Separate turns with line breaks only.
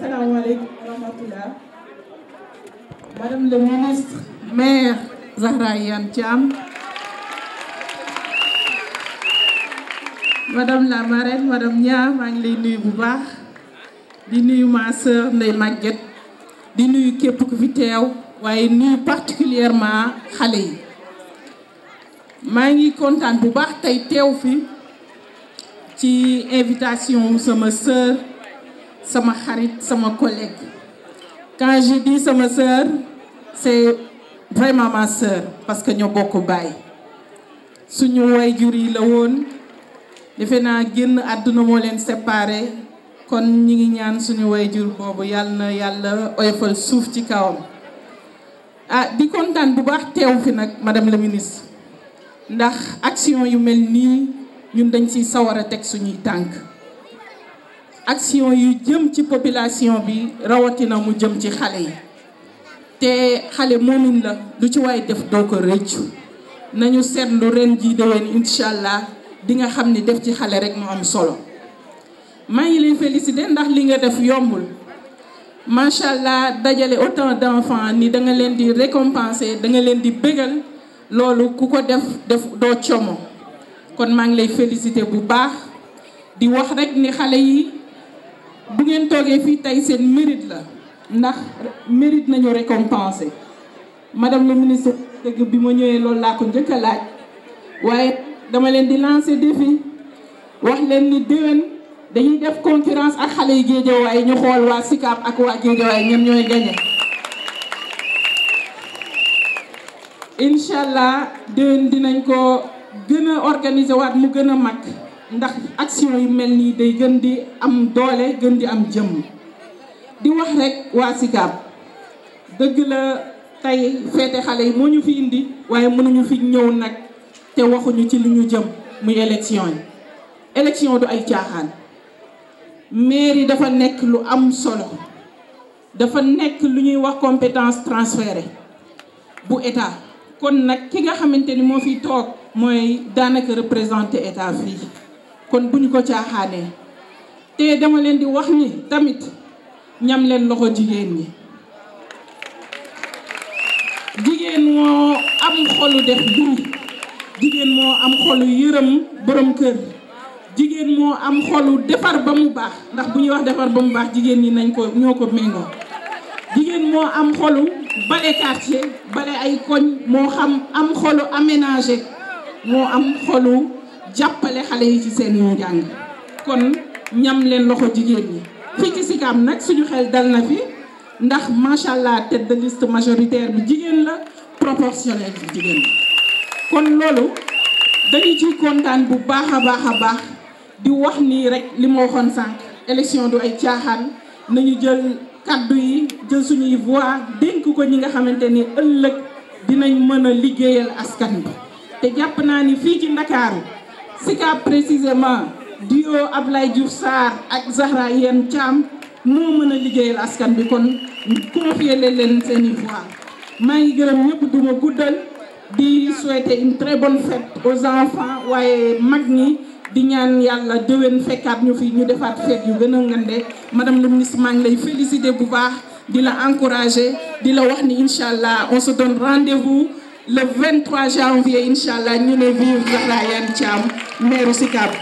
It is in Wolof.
Assalamu alaikum rahmatullah. Madame le ministre, maire Zahra la marraine, Madame Nia, maa ngi lay nuyu bu baax di nuyu ma sœur Ndeye Maguette di nuyu képp ku fi teew waaye nuyu particulièrement xale yi maa ngi kontaan bu baax tey teew fi ci invitation sama sœur sama xarit sama collègue quand je dis sama sœur c'est vraiment ma sœur parce que ñoo bokk baay suñu jur yi la woon defe naa génn àdduna moo leen séparé kon ñi ngi ñaan suñu waajur boobu yàlla na yàlla oyofal suuf ci kawam ah di kontaan bu baax teew fi nag madame la ministre ndax action yu mel nii ñun dañ ciy sawar a teg suñuy tànk action yu jëm ci population bi rawatina mu jëm ci xale yi te xale moomin la lu ci waay def doo ko rëccu nañu seetlu ren jii déwén incha allah di nga xam ni def ci xale rek mu am solo maa ngi leen félicité ndax li nga def yombul macha allah dajale autant d' enfants ni da nga leen di récompenser da nga leen di bégal loolu ku ko def def doo como kon maa ngi lay félicité bu baax di wax rek ni xale yi. bu ngeen toogee fii tey seen mérite la ndax mérite nañu récompenser madame le ministre dëgg bi ma ñëwee loolu laa ko njëkk a laaj waaye dama leen di lancer défi wax leen ni déwén dañuy def concurrence ak xale yu géejawaay ñu xool waa Sicap ak waa géejawaay ñoom ñooy gagné. incha allah déwén dinañ ko gën a organiser waat mu gën a mag. ndax action yu mel nii day gën di am doole gën di am jëmm di wax rek waa Sicap dëgg la tey feete xale yi moo ñu fi indi waaye mënuñu fi ñëw nag te waxuñu ci lu ñu jëm muy élection yi élection du ay caaxaan mairie dafa nekk lu am solo dafa nekk lu ñuy wax compétence transférée bu état kon nag ki nga xamante ni moo fi toog mooy daanaka représenté état fii kon bu ñu ko caaxaanee te dama leen di wax ni tamit ñam leen loxo jigéen ñi jigéen moo am xolu def duri jigéen moo am xolu yërëm borom kër jigéen moo am xolu defar ba mu baax ndax bu ñuy wax defar ba mu baax jigéen ñi nañ ko ñoo ko méngoo jigéen moo am xolu bale quartier bale ay koñ moo xam am xolu aménager moo am xolu jàppale xale yi ci seen yu njàng kon ñam leen loxo jigéen yi fii ci Sicap nag suñu xel dal na fi ndax macha allah tête de liste bi jigéen la proportionnel jigéen la kon loolu dañu ci kontaan bu baax a baax a baax di wax nii rek li ma waxoon sànq élection du ay caaxaan nañu jël kàddu yi jël suñuy voix dénk ko ñi nga xamante ni ëllëg dinañ mën a liggéeyal askan bi te jàpp naa ni fii ci Ndakaaru SICAP dio ab Ablaye Diouf Sarr ak Zahra Iyane Thiam moo mën a liggéeyal askan bi kon confier leen seen i voix maa ngi gërëm ñëpp duma guddal di souhaiter une très bonne fête aux enfants waaye mag ñi di ñaan yàlla déwén fekkaat ñu fi ñu defaat fête yu gën a ngande madame la ministre maa ngi lay féliciter bu baax di la encourager di la wax ni incha allah on se donne rendez le 23 janvier incha allah ñu ne vive Zahra Iyane Thiam maire Sicap